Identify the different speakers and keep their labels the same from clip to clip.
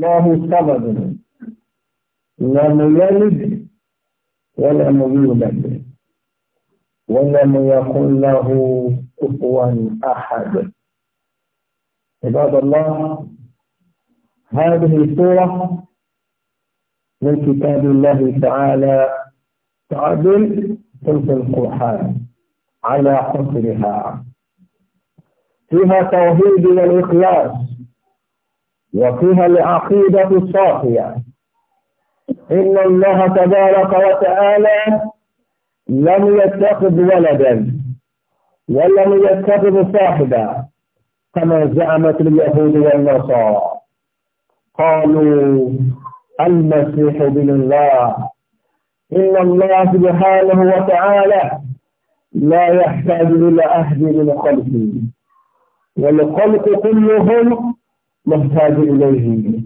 Speaker 1: له سبب لم يلد ولم يولد ولم يكن له كفوا احد عباد الله هذه السوره من كتاب الله تعالى تعدل ثلث القرآن على قصرها فيها توحيد والإخلاص وفيها العقيدة الصافية إن الله تبارك وتعالى لم يتخذ ولدا ولم يتخذ صاحبا كما زعمت اليهود والنصارى قالوا المسيح ابن الله إن الله سبحانه وتعالى لا يحتاج إلى أهل من خلقه والخلق كلهم محتاج إليه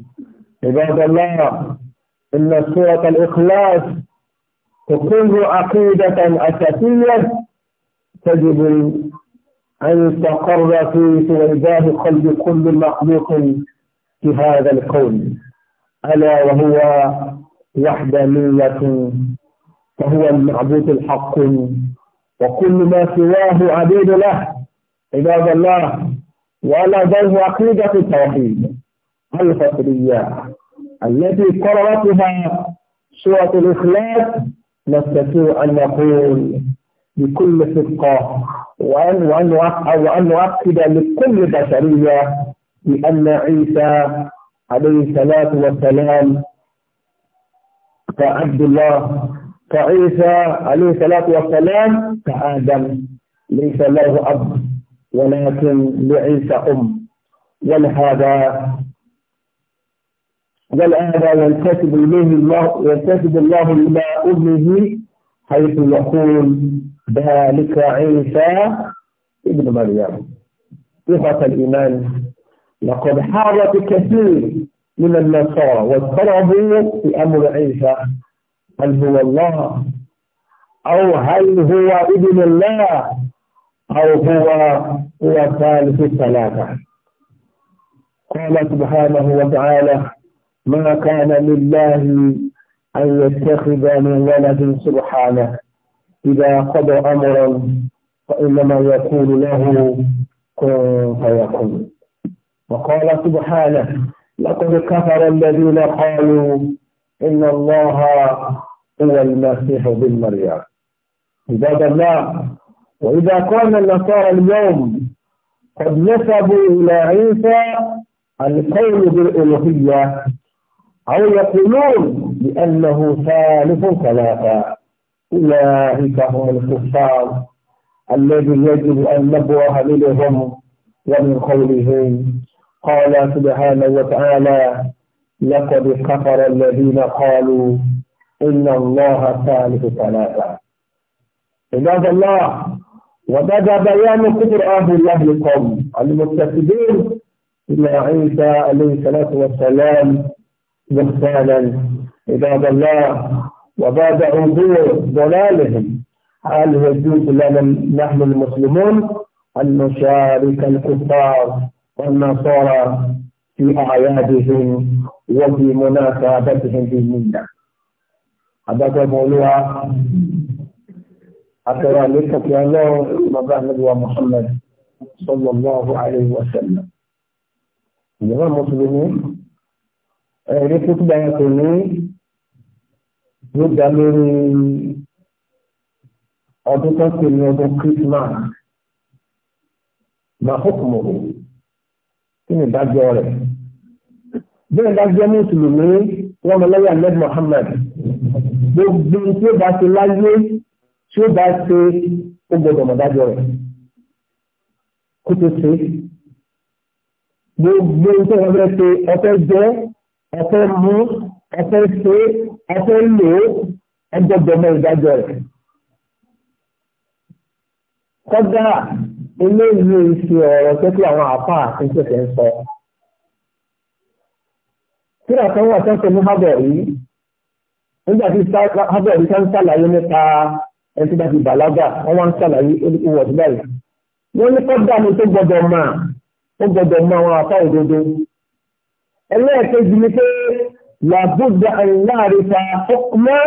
Speaker 1: عباد الله إن سورة الإخلاص تكون عقيدة أساسية تجب أن تقر في توجاه قلب كل مخلوق في هذا الكون ألا وهو وحدانية فهو المعبود الحق وكل ما سواه عبيد له عباد الله ولا ذو عقيدة التوحيد الفطرية التي قررتها سورة الإخلاص نستطيع أن نقول بكل وأن وأن وأن نؤكد لكل بشرية بأن عيسى عليه الصلاة والسلام كعبد الله كعيسى عليه الصلاة والسلام كآدم ليس له أب ولكن لعيسى أم ولهذا ولهذا ينتسب إليه الله ينتسب الله إلى أمه حيث يقول ذلك عيسى ابن مريم صفة الإيمان لقد حارت كثير من النصارى واضطربوا في أمر عيسى هل هو الله أو هل هو ابن الله أو هو هو ثالث الثلاثة قال سبحانه وتعالى ما كان لله أن يتخذ من ولد سبحانه إذا قضى أمرا فإنما يقول له كن فيكون وقال سبحانه لقد كفر الذين قالوا إن الله هو المسيح بن مريم عباد الله وإذا كان النصارى اليوم قد نسبوا إلى عيسى القول بالألوهية أو يقولون بأنه ثالث ثلاثة أولئك هم الكفار الذي يجب أن نبوه منهم ومن قولهم قال سبحانه وتعالى لقد كفر الذين قالوا إن الله ثالث ثلاثة عباد الله وبدا بيان كفر اهل اهل القوم الى عيسى عليه الصلاه والسلام مختالا عباد الله وبعد عبور ضلالهم هل يجوز لنا نحن المسلمون أن نشارك الكفار والنصارى في أعيادهم وفي مناسبتهم بالمنة هذا هو àtẹ̀rọ àlékún pé ọlọ́run bàbá àmìlúwa Muhammad sallallahu alaihi wa sallam. ìjọba mùsùlùmí ẹ̀rí tó gbà yẹn kò ní ló dá lórí ọdún tó pè ní ọdún Christmas mahokmo kí ni ìdájọ́ rẹ̀ bẹ́ẹ̀ dájọ́ mùsùlùmí wọn lọ́yà ned Muhammad gbogbo tí bá ti láyé tí ó bá ṣe ó gbọdọ̀ mọ̀ dájọ́ rẹ̀ kó tó ṣe gbogbo ohun tó wọn fẹ́ ṣe ọ̀fẹ́ jẹ́ ọ̀fẹ́ mú ọ̀fẹ́ ṣe ọ̀fẹ́ lò ó ẹgbẹ́gbẹ́ mọ́ ìdájọ́ rẹ̀. kọ́dà eléyìí ṣe ọ̀rọ̀ tó kí àwọn àpá àtúnṣẹ̀ṣẹ̀ ń sọ. kí ni àtàwọn àtúnṣe ní hábọ̀ yìí nígbà tí hábọ̀ yìí ká ń ṣàlàyé nípa ẹni tó bá ti bàlágà wọ́n wá ń ṣàlàyé olùkówó ọ̀dún báyìí. wọ́n ní kọ́dà ni tó gbọ́dọ̀ máa ó gbọ́dọ̀ máa wọn apá òdodo. ẹlẹ́ẹ̀kejì ni pé làbúdà láàrin fa ọkùnmọ́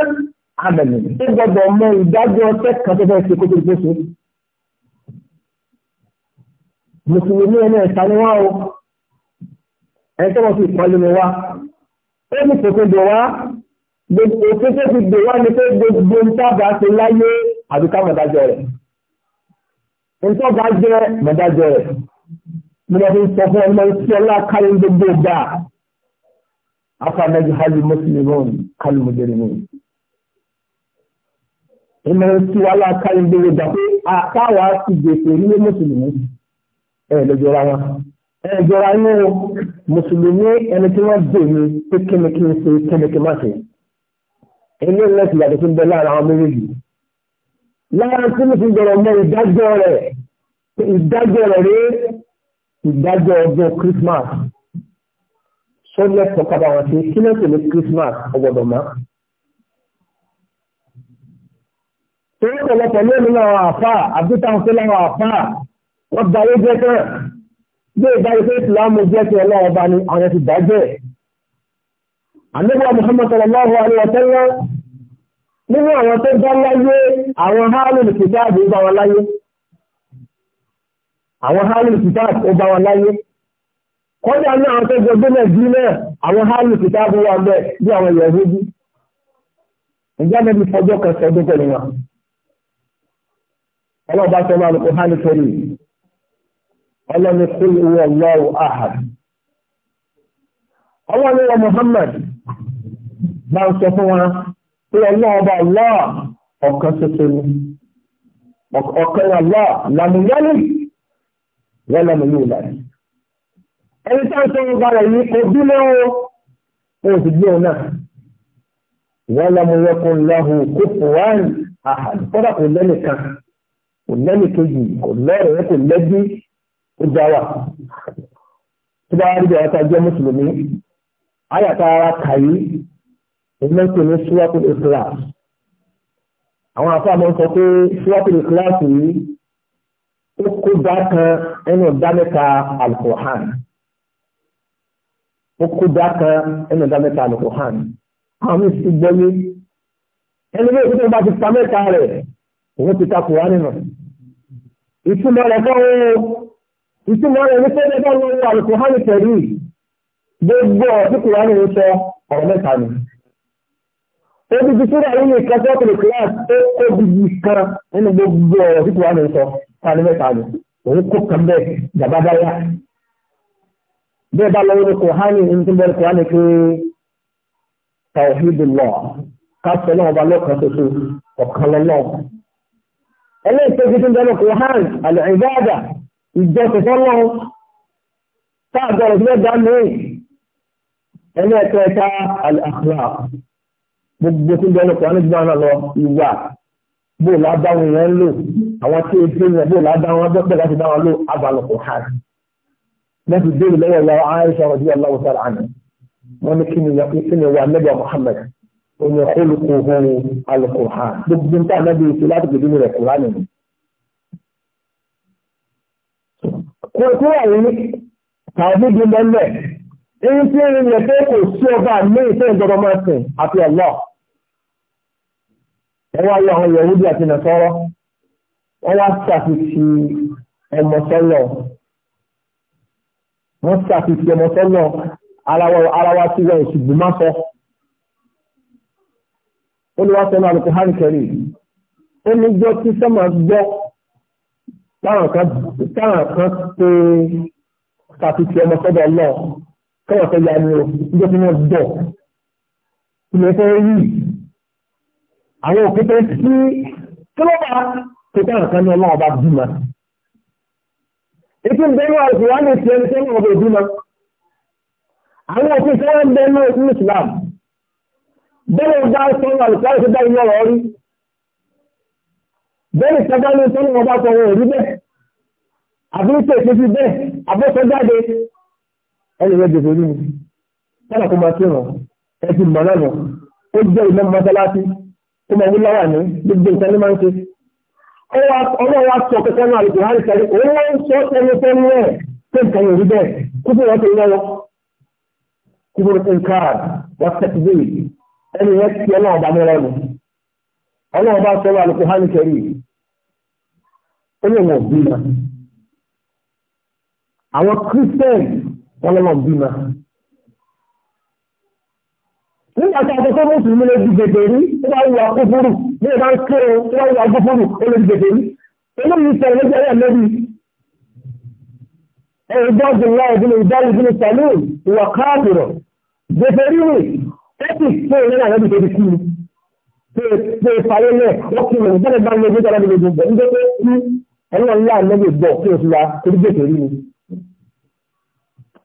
Speaker 1: àbẹ̀lẹ̀ tó gbọ́dọ̀ mọ ìdájọ́ tẹ́kàn tó fẹ́ẹ́ ṣe kó tó tó ṣe. mùsùlùmí ẹni ẹ̀ta ni wá o ẹni tó wọ́n fi ìpọ́nlẹ́mi wá ó ní kòkòdò wá gbogbo òfẹ́fẹ́ ti gbè wá ní pé gbogbo ntaba ti láyé àdúgbò mọ̀dájọ́ rẹ̀ ntọ́ba jẹ́ mọ̀dájọ́ rẹ̀ mo lọ fi sọ fún ọmọ iṣẹ́ ọlá kárí gbogbo ìgbà afanajú hali mùsùlùmí kálí mùjẹrìmí ìmọ̀ iṣẹ́ ọlá kárí gbogbo ìgbà pé àtàwà ti gbèsè nílé mùsùlùmí ẹ̀ lọ́jọ́ ra wọn ẹ̀ jọra inú mùsùlùmí ẹni tí wọ́n gbè ní pé kíni kí ṣe kíni kí ilé ńlá ti yàtọ̀ sí ń bẹ lára àwọn méjèèjì lára tí mo ti gbọ́dọ̀ mọ ìdájọ́ rẹ̀ ìdájọ́ rẹ̀ rí ìdájọ́ ọjọ́ Christmas sọ́lẹ̀ tọ́kadà wọn ti sílẹ̀ pẹ̀lú Christmas ọgbọ̀dọ̀ mọ́. torí ọ̀pọ̀lọpọ̀ lónìí làwọn àfà àbúta ọ̀sẹ̀ làwọn àfà wọ́n gba ayé jẹ́ tán bí ìdájọ́ pé ìsìlámù jẹ́ ti ọlọ́ọ̀ba ni àwọn ti dájọ́ ẹ̀. àdébọ̀ Muhammad sallallahu alaihi wa sallam nínú àwọn tó dá láyé àwọn hálùlù kìtáàbù ó bá wọn láyé àwọn hálùlù kìtáàbù ó bá wọn láyé kọ́dà ní àwọn tó gbogbo mẹ́jì náà àwọn hálùlù kìtáàbù wà mẹ́ bí àwọn Yẹhudi ìjà mẹ́bí fọjọ́ kan sọdún pẹ̀lú ọlọ́ọ̀bá máa lùkọ́ hálù kẹrì ọlọ́ni ọlọ́ni wọ Muhammad bá ń sọ fún wọn pé ọlọ́ọba aláà ọ̀kan ṣoṣo ni ọ̀kan aláà làmúyálì wọ́n lọ́mọ yóò láì. ẹni tí a ń sọ ọba rẹ̀ yìí kò bímọ o ò sì gbé òun náà. wọ́n lọ́mọ yẹkùn láhùn kó fòwán àhàdùkọ́dà kò lẹ́nìkan kò lẹ́nìkejì kò lẹ́rẹ̀ẹ́ kò lẹ́bí ó já wà. tó bá rí bí àwọn jẹ́ mùsùlùmí àyàtà ara kàyí ìmọ̀tò ní Suratul Ikhlas àwọn afáàmọ́ sọ pé Suratul Ikhlas yìí ó kó dá kan ẹnu dámẹ́ta Al-Qur'an ó kó dá kan ẹnu dámẹ́ta Al-Qur'an àwọn mi ti gbọ́ yé ẹni bí ìfúnpá bá ti pa mẹ́ta rẹ̀ òun ti ta Kùránì nù ìtumọ̀ rẹ̀ kọ́ ìtumọ̀ rẹ̀ ní pẹ́ẹ́lẹ́ bá wọn wọ Al-Qur'an tẹ̀lé gbogbo ọ̀tí Kùránì ń sọ Ebi ti síra yìí nìkan sọ́kùnrin kíláàsì tó kó bíbí kan nínú gbogbo ọ̀rọ̀ títí wàá ní sọ tani mẹ́ta ni. Òun kó kan bẹ́ẹ̀ gàba dáyà. Bẹ́ẹ̀ bá lọ́wọ́ ní Kùhání ní tí bẹ́ẹ̀ Kùhání pé Tawhidullah káṣọ náà ọba lọ́kàn ṣoṣo ọ̀kan lọ́nà. Ẹlẹ́ẹ̀kejì tí bẹ́ẹ̀ Kùhání àlẹ́ ìbáàdà ìjọ tẹ̀sán lọ́wọ́. Táàgọ̀rọ̀ tí bẹ́ẹ̀ dá mí. Ẹlẹ́ẹ̀kẹta gbogbo tí ń bẹ́ẹ̀ lọ́kọ̀ọ́ nígbà náà lọ ìwà bó la bá wọn yẹn lò àwọn tí ebi yẹn bó la bá wọn bẹ́ẹ̀ láti bá wọn lò abalọ̀kọ̀ ha lẹ́tù débi lọ́wọ́ ìyàwó Aisha rọ̀bí aláwọ̀ sára àná wọn ní kí ni wà nẹ́bà Muhammad oní olùkọ́ ohun alùkọ́ ha gbogbo ń tà nẹ́bí láti gbèdé rẹ̀ kúrá nìyí. kò tó àwọn tàbí bí mẹ́lẹ̀ èyí tí ń rìn yẹn kò sí ọba mi ìfẹ́ ìjọba máa àti Allah wọ́n wá yọ àwọn yẹ̀wúdí àti nàṣọ́rọ́ wọ́n wá ṣàfihì ọmọ sọ́lọ̀ wọ́n ṣàfihì ọmọ sọ́lọ̀ ara wa ti wọ ìṣùgbọ́n má sọ. olùwàsọ náà lóko hàn kẹrì ó ní gbọ́ tí sọ́mà gbọ́ táwọn kan pé ṣàfihì ọmọ lọ kọ́wọ́ tó yá ni o nígbà tí wọ́n gbọ́ kí ló fẹ́ rí àwọn òkété sí kílọ́bà tó tẹ́ràn kan ní ọlọ́wọ́ bá bímọ. Ètí ń bẹ́rù àìsí wá ní ìṣẹ́ ìṣẹ́ ìwọ̀n bó bímọ. Àwọn òfin tí wọ́n ń bẹ́ ní ìlú Islam. Bẹ́ẹ̀ bá sọ ní àlùkárì tó dá ilé ọ̀rọ̀ rí. Bẹ́ẹ̀ sọ́jà ní ìṣẹ́ ìwọ̀n bá sọ̀rọ̀ rí bẹ́ẹ̀. Àbí ìṣe ó máa wú láwà ní gbogbo nǹkan ní máa ń ṣe. ọwọ́ wa sọ kẹkẹ náà àlùkò hàn sẹ́yìn òun wọ́n ń sọ ẹni tó ní ẹ̀ tó nǹkan yòó rí bẹ́ẹ̀ kó fún wọn tó ń lọ́wọ́. kúbúrú tó ń káàd wá tẹ̀síbí ẹni yẹn ti ọlọ́wọ́ bá mi rẹ́nu. ọlọ́wọ́ bá sọ àlùkò hàn sẹ́yìn ó lè àwọn kírísítẹ́nì wọ́n lọ́wọ́ nígbàtí àtọ́kọ́ mọ́ sí mílẹ̀ gbèdè rí wá wà kúfúrù ní ìbá ń kí o wá wà kúfúrù ó lè gbèdè rí eléyìí sọ lójú ẹ̀rọ lórí ẹ̀rọ̀dọ́gbù ńlá ìdílé ìdárí ìdílé sàlùn ìwà káàbìrọ̀ gbèdè rí rè ẹ́tì pé ìrìn àlọ́ ìdílé kí ni pé ìfàyè lẹ̀ wọ́n kí wọn ìjọba ìbá lè gbéjà láti lè gbọ̀ ń gbé ní ẹ̀rọ ńlá lẹ́bí gbọ̀ kí o ti wá torí gbèdè rí ni.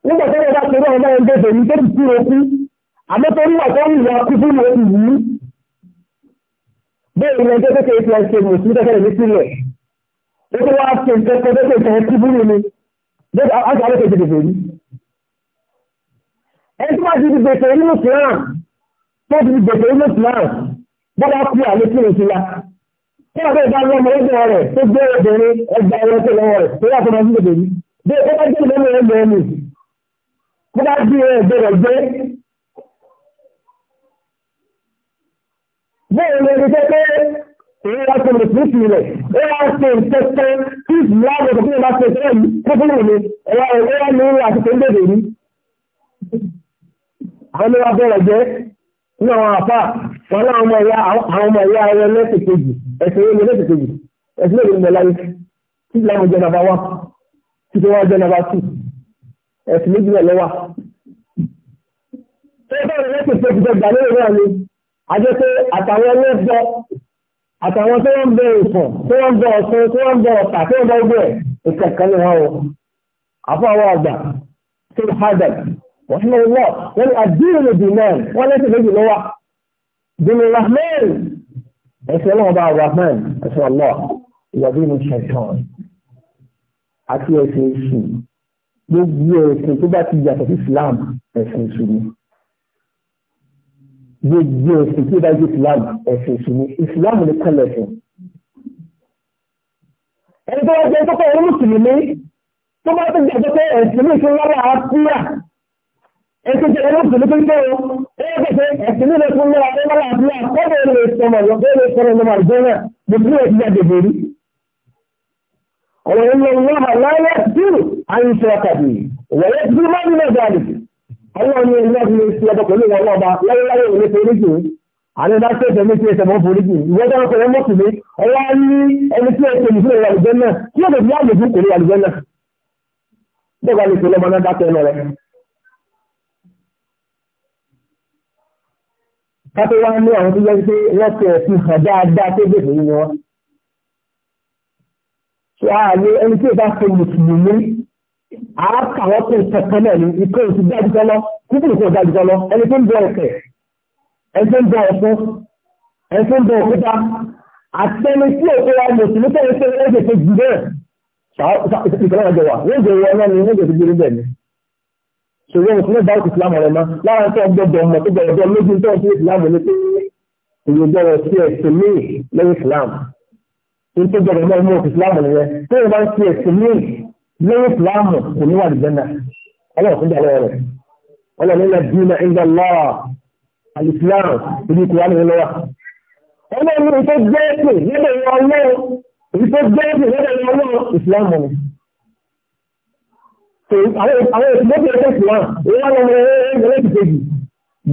Speaker 1: nígbà tó àbẹ́tẹ̀rí wà tó ń lọ kúkú ló ti yí bẹ́ẹ̀ ilẹ̀ tó tẹ́tẹ́ ti ọ̀sẹ̀ mùsùlùmí tẹ́tẹ́ ní sílẹ̀ ó tó wá ṣe tẹ́tẹ́ tẹ́tẹ́ tẹ́tẹ́ kúkú ló ni bẹ́ẹ̀ á sọ àbẹ́tẹ̀ ti dìbò rí ẹni tó bá ti di gbèsè inú Islam tó ti di gbèsè inú Islam bọ́lá kú àlékún ìṣúra tí wọ́n bẹ́ẹ̀ bá lọ ọmọ ẹgbẹ́ rẹ̀ tó gbé obìnrin ẹgbẹ́ ẹgbẹ́ tó lọ́wọ́ rẹ̀ tó yàtọ̀ máa ń dìbò rí bẹ́ẹ̀ tó bá jẹ́ ìlú ẹgbẹ́ ẹni tó bá bí ẹgbẹ́ rẹ̀ gbé bẹ́ẹ̀ lè rí pẹ́pẹ́ èyí wá tó lè fífi rẹ̀ ó wá ṣe ìtẹ́tẹ́ tí ìsìláàbò tó fún ìbá ṣe ìtẹ́tẹ́ yìí tó fún ìwé ẹ̀yà ẹ̀yà wá ní orí àti tó ń bèbè rí. àwọn ọmọ bẹ̀rẹ̀ jẹ́ ní àwọn àfà wọn láwọn ọmọ ẹ̀yà àwọn ọmọ ẹ̀yà ẹ̀yà lẹ́sẹ̀ kejì ẹ̀sẹ̀ yẹn lẹ́sẹ̀ kejì ẹ̀sẹ̀ lè mọ̀ láyé tí ìlànà jẹ́ nàbà wá tí tó wá jẹ́ nàbà tù ajẹ́ pé àtàwọn ẹlẹ́gbọ́ àtàwọn tó ń bẹ ìfọ̀ tó ń bọ ọ̀sán tó ń bọ ọ̀tà tó ń bọ ọgbẹ́ ìkẹ̀kẹ́ ni wọn o àfọwọ́ àgbà tó ń hadà wọ́n ti lọ́wọ́ wọ́n ni àdúrà lè dì náà wọ́n lẹ́sẹ̀ méjì lọ́wọ́ dùnú rahman ẹ̀sẹ̀ náà bá rahman ẹ̀sẹ̀ ọlọ́ ìwọ̀bí ni ṣẹ̀tàn àti ẹ̀sẹ̀ èṣù gbogbo ẹ̀sìn tó bá ti yàtọ̀ sí Islam ẹ̀sìn èṣù ni gbogbo ẹ̀sìn tí ó bá jẹ́ islam ẹ̀sìn ìṣúná islam ní kálẹ̀ ẹ̀sìn. ẹni tó wá jẹ́ tó kọ́ ọ̀rọ̀ mùsùlùmí tó bá tó jẹ́ pé ẹ̀sìn ní ìṣúná wà á kúrà ẹni tó jẹ́ ọ̀rọ̀ mùsùlùmí tó ń bẹ̀rẹ̀ ẹ̀yẹ́ pẹ̀sẹ̀ ẹ̀sìn ní ìṣúná wà á kúrà kọ́dọ̀ ilé ìṣọ̀mọ̀ lọ́dọ̀ ilé ìṣọ̀rọ̀ lọ́mọ àgbẹ̀rẹ̀ mùsùlùmí ẹ̀sìn jáde bèrè. ọ̀rọ̀ ilé ìwọ̀n àláyé dùn àyíṣẹ́ ọkà bì wọ̀lẹ́ dùn má ọwọ́ ní ilé ẹ̀sìn lè ṣe ẹ̀dọ̀ pẹ̀lú ìwọ̀n ọba láyéláyé òní forí jù àní bá ṣe ìfẹ̀mí tí ẹsẹ̀ mọ́ forí jù ìwọ́n tó ń pẹ̀lú mọ́tò mi ọwọ́ ní ẹni tí ẹsẹ̀ yìí fún ìwàlùjẹ́ náà tí ó tẹ̀sí àgbè fún kòrí ìwàlùjẹ́ náà bẹ́ẹ̀ bá lè ṣe lọ́mọ náà dákẹ́ ẹnu rẹ̀. kátó wá ní àwọn tó jẹ́ pé wọ́n ti ẹ̀sìn hàn dáadáa tó gbèsè yìí wọn. ṣé àlè àákàwọ́ pé ìtẹ̀kan náà ni ikọ́ òsì dájúkọ́ lọ kúkúrú kò dájúkọ́ lọ ẹni tó ń bọ ẹ̀kẹ́ ẹni tó ń bọ ọ̀fọ́ ẹni tó ń bọ òkúta àtẹni tí òkú wa mọ̀ sí nítorí pé ó lè fi jù bẹ́ẹ̀ ìkọlọ́wọ́ jọ wà wọ́n jẹ́ ìwọ náà ni wọ́n jẹ́ ti gbé bẹ́ẹ̀ ni ṣòro òkú ní báyìí kìsìlám ọ̀rẹ́ ma láwọn tó gbọdọ̀ mọ̀ tó gbọdọ̀ lójú tó ń fi ìsìlám ní pé ìyẹ̀dọ̀ rẹ̀ sí ẹ̀sìn mí lẹ́yìn ìsìlám ní tó gbọdọ̀ mọ̀ ìmọ̀ ìsìlám nìyẹn tó yẹ bá ń fi ẹ̀sìn mí lẹ́yìn ìsìláàmù kò ní wà lìjẹ́nà ọlọ́ọ̀kúnjà lọ́wọ́ rẹ̀ ọlọ́ọ̀lẹ́lẹ́ dínà ìjọ lọ́wọ́ alìsìláàmù ibi kùránì lọ́wọ́ ọlọ́ọ̀lẹ́ tó gbẹ́ẹ̀kì lẹ́dẹ̀ ọlọ́ọ̀ èyí tó gbẹ́ẹ̀kì lẹ́dẹ̀ ọlọ́ọ̀ ìsìláàmù ni àwọn ìsìlẹ́kì ẹ̀kọ́ ìsìláàmù ìwọ́n lọ́wọ́ ẹgbẹ̀rẹ́ ìkejì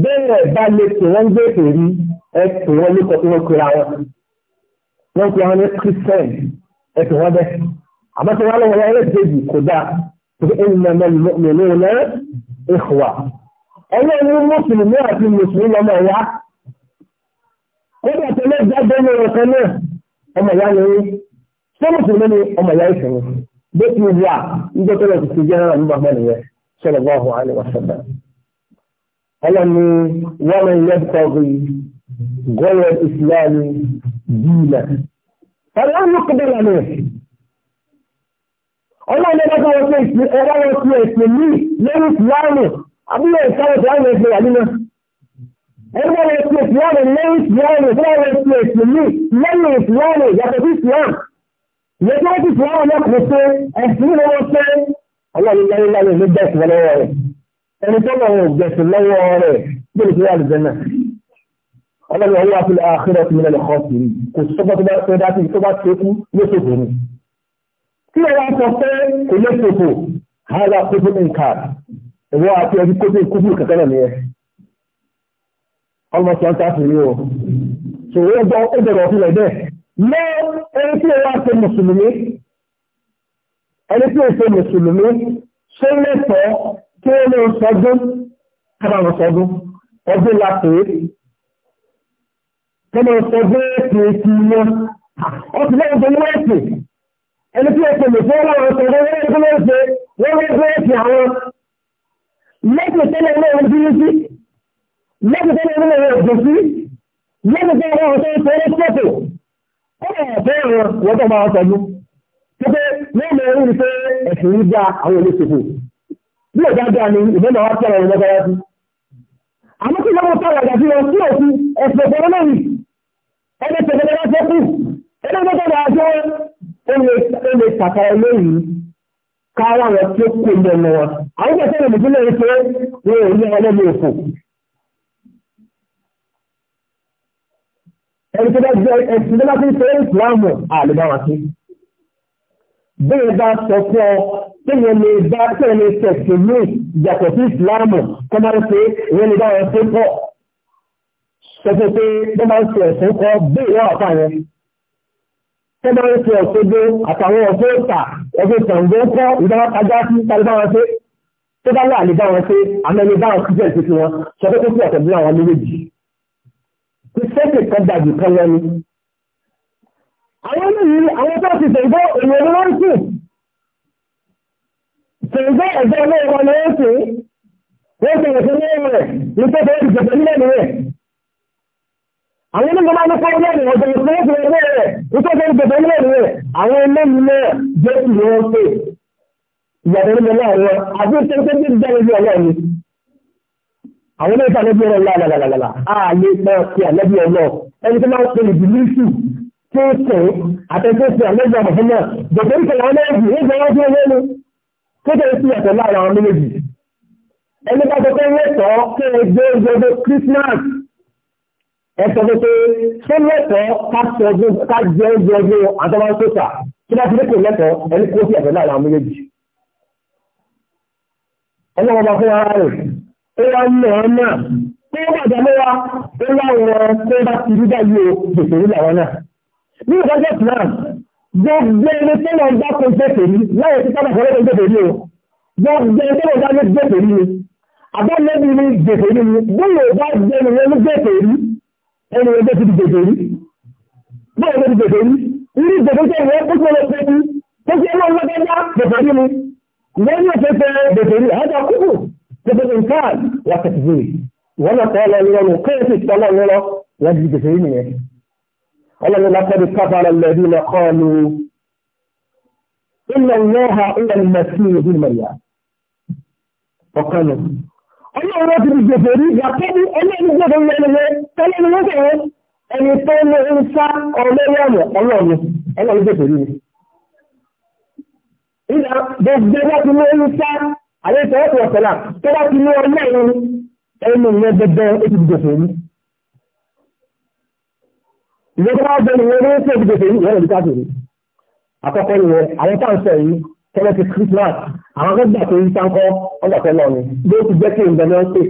Speaker 1: bẹ́ẹ̀ bá lè pè wọ́n gbé èrí ẹ̀kùn wọn lókọ̀ tó wọ́n kura wọn wọ́n kura wọn ní kírísítẹ́nì ẹ̀kùn wọn bẹ́ẹ̀ àmọ́ tí wọ́n lọ́wọ́ ẹlẹ́dẹ̀ẹ́dì kò dáa tó fi ẹ̀yìn mẹ́mẹ́ mẹ́lẹ́ lẹ́ ìhùwà ẹ̀yẹ́ ní mùsùlùmí àti mùsùlùmí lọ́mọ ẹ̀yà kódà tẹ́lẹ̀ jáde ní ọ̀rọ̀ kan náà ọmọ ẹ̀yà ni rí ṣé mùsùlùmí ni ọmọ ẹ̀yà ìṣẹ̀yìn bó ti wù à níjọ́ tó lọ sí ti jẹ́rán nígbà mọ́ nìyẹn sọ̀rọ̀ bá ọ̀hún àlè wà sọ̀dà ọlọ́ni wọ́n mọ ilé ẹ̀kọ́ gọ́ọ̀rọ̀ ìsìláàmù dìínà ọlọ́run kúndínlá ni ọlọ́ọ̀lọ́gbọ́ wọn ṣe ẹ̀rọ wọn ṣe ètò ní lórí ìsìláàmù àbúrò ìsáwọ̀ tí wọ́n ṣe wà nínú ẹgbẹ́ wọn ṣe ìsìláàmù lórí ìsìláàmù tí wọ́n ṣe ètò ní lẹ́yìn ìsìláàmù yàtọ̀ sí ìsìláàmù ìyẹn tí wọ́n ti ìsìláàmù náà kò ṣe ẹ̀sìn ní wọ́n ṣe ọlọ́ọ̀lọ́gbọ́ ló bẹ̀sùn lọ́wọ́ rẹ̀ ẹni tó lọ́wọ́ bẹ̀sùn lọ́wọ́ rẹ̀ bí ìṣẹ́ àlùjẹ́nà ọlọ́ọ̀lọ́wọ́ wà fún àkírọ̀ tó tí ẹ wá sọ pé kò lè fòfò ara kójú nǹkan ìwọ àti ẹbí kójú kúkú kankan náà nìyẹn ọmọ sọ ń sáfì ní o ṣòro ọjọ́ ó bẹ̀rẹ̀ ọ̀fin rẹ̀ bẹ́ẹ̀ lọ ẹni tí ẹ wá ṣe mùsùlùmí ẹni tí ẹ ṣe mùsùlùmí ṣé lẹ́tọ̀ọ́ kí ó lè sọdún kábàámu sọdún ọdún la pè é kí ó lè sọdún ètò ètò ọtí lẹ́yìn tó ń wá ètò ẹni tí ẹ̀kọ́ lè fẹ́ láwọn ọ̀sẹ̀rẹ̀ wọ́n ṣe wọ́n ṣe ṣe àwọn lẹ́gbẹ̀ẹ́ tẹ́lẹ̀ náà ń bínú sí lẹ́gbẹ̀ẹ́ tẹ́lẹ̀ náà ń bọ̀ sí lẹ́gbẹ̀ẹ́ tẹ́lẹ̀ náà ń ṣe ṣeré pọ̀tò ó bẹ̀rẹ̀ fẹ́ àwọn wọ́tọ̀ máa sọ mú pípé lẹ́mọ̀ orí pé ẹ̀sìn ń gba àwọn olóṣèlú bí ọ̀gá gbà ní ìmọ̀nà wa tẹ̀lẹ̀ ní lọ́gbàrá sí àmọ́ kí lọ́wọ́ tọ̀rọ̀ àgbà sí wọn sí òkú ẹ̀sìn ọ̀gbọ̀n náà ẹni tẹ̀lẹ̀ náà fẹ́ kú ẹni tó tọ̀rọ̀ àjọ ó lè pàtàkì lóyìn káwà wọn tí ó kó lẹ́nu wọn àwọn ìgbà tẹ́lẹ̀ nìbílẹ̀ ń pé wọn ò ní ọlọ́mọ òfò ẹni tó bá jẹ́ ẹ̀sìn tó bá ti ń pé ìsìláàmù àlùbáwà sí bẹ́ẹ̀ bá sọ fún ọ tẹ́yẹ lè bá tẹ́yẹ lè tẹ̀sí ní ìyàtọ̀ sí ìsìláàmù kọ́ máa ń pé ìwé lè bá wọn pé pọ̀ sọ pé bọ́ máa ń sọ ẹ̀sìn kọ́ bẹ́ẹ̀ yọ àpá yẹn tó bá ń fi ọ̀ṣọ́gbó àtàwọn ọ̀ṣọ́ ìta ọ̀ṣọ́ ìtàǹgbó kọ́ ìdáwọ́ kájá sí tàbíbáwọn ṣe tó bá wà ní báwọn ṣe àmẹ́ni báwọn kíjẹ́ ìṣe tiwọn sọ pé kó sí ọ̀ṣọ́ bí àwọn méjèèjì. Kìsẹ́kì kan dàbí kan lọ ni. Àwọn eléyìí àwọn tó ti tẹ̀gbọ́ èèyàn ni wọ́n ń sìn. Tẹ̀gbọ́ ẹ̀gbẹ́ ọlọ́run ni wọ́n ń sìn. Wọ́n ti àwọn onímọ̀ máa ní fún ilé ìrìn ọ̀dọ̀ ìgbẹ́ ìgbẹ́ ilé rẹ̀ nítorí ìgbẹ́ ilé rẹ̀ àwọn ilé ilé jésù ni wọ́n pè ìyàtọ̀ nínú ilé àwọn àti ìṣẹ́ṣẹ́ tí ìjẹ́ ibi ọ̀lọ́ ni àwọn ilé ìtàn ẹgbẹ́ ọ̀lọ́ làlàlàlà ààyè pẹ́ ti àlẹ́bí ọ̀lọ́ ẹni tó máa ń pè ìdílísù tó sọ àtẹ̀tẹ̀ sí àlẹ́bí ọmọ fún náà jọ̀dọ̀ ìṣẹ̀lẹ̀ àwọn méjì ní ìjọba tó wọ́n ni tó tẹ̀lé sí ìyàtọ̀ láàrin àwọn méjì ẹni bá sọ pé wọ́n sọ kí ẹ gbé ìjọba Christmas ẹ sọ pé ṣé lẹ́tọ̀ọ́ ká jẹ oúnjẹ ọdún àtọ́wá ń sọ́sà kí láti lẹ́tọ̀ọ́ lẹ́tọ̀ọ́ ẹni kó sí ẹ̀fẹ́ láàrin àwọn méjèèjì. ọlọ́wọ́ bá fún ara rẹ̀ ó wá ń lọ ọ náà tó ń bàjẹ́ mẹ́wa ó láwọn tó bá ti rí báyìí o gbèsè rí làwọn náà. ní ìdájọ́ islam gbogbo ẹni tó lọ bá kó gbèsè rí láyé tí sábà fọwọ́ gbèsè rí o gbogbo ẹni tó lọ bá gbèsè rí ni àbọ̀ lẹ́bi ni gbèsè rí ni ẹni ẹgbẹ́ ti di gbèsè rí bọ́ọ̀ ló ti gbèsè rí rí gbèsè tó yẹ kó tó lọ sí ẹni tó ṣe lọ́wọ́ lọ́dẹ́ yá gbèsè rí mu ìwọ́n ní ọ̀sẹ̀ fẹ́ gbèsè rí àjọ kúkú gbèsè rí nǹkan wà kẹsì gbèrè ìwọ́n náà tọ́ lọ ní ọ̀nà kéèsì tọ́ lọ ní lọ wọ́n gbèsè rí nìyẹn ọlọ́run lápẹ́ni kábàárà lẹ́bí lọ kọ́ lu ilẹ̀ ìyá ọ̀hà ilẹ̀ ìmẹ̀sí ìdí ìmẹ̀yà ọ̀kan nù Ọlọ́run ti gbèsè rí gàkébí ẹlẹ́gbẹ̀ẹ́ tó lẹ́lẹ́lẹ́ tẹ́lẹ̀ ni wọ́n tẹ̀wé ẹni tó ní ń sá ọlọ́run ọlọ́run ọlọ́run gbèsè rí ni. Ìgbà gbogbo wọn ti ní ń sá àyè tẹ́wọ́pù ọ̀sẹ̀lá tó bá ti ní ọlọ́run ẹni ìyẹn gbẹgbẹ ó ti gbèsè rí. Ìjọba ọgbẹ́ni wọn ní ó ti gbèsè rí ìyẹn lè tẹ́lẹ̀ ti Christmas àwọn akẹ́gbà tó ń sáńkọ́ ọgbàtẹ́ lọ ni bí ó ti jẹ́ kí ìgbẹ̀mẹ́ ń pè.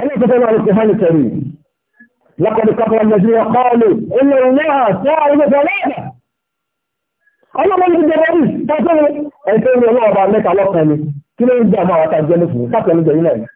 Speaker 1: ẹni tó fẹ́ràn àrùn sehánì kẹrì lọ́kọ̀dé kọ́kọ́rọ́ nàìjíríà kọ́ọ̀lù ilẹ̀ ìlera tó àwọn ọlọ́ọ̀dà ọlọ́mọdé ti jẹ́rẹ́ rí tọ́sọ́rọ́ ẹ̀ṣẹ́ ni ọlọ́ọ̀bà mẹ́ta lọ́kàn ni kí ló ń jẹ́ àmọ́ àwọn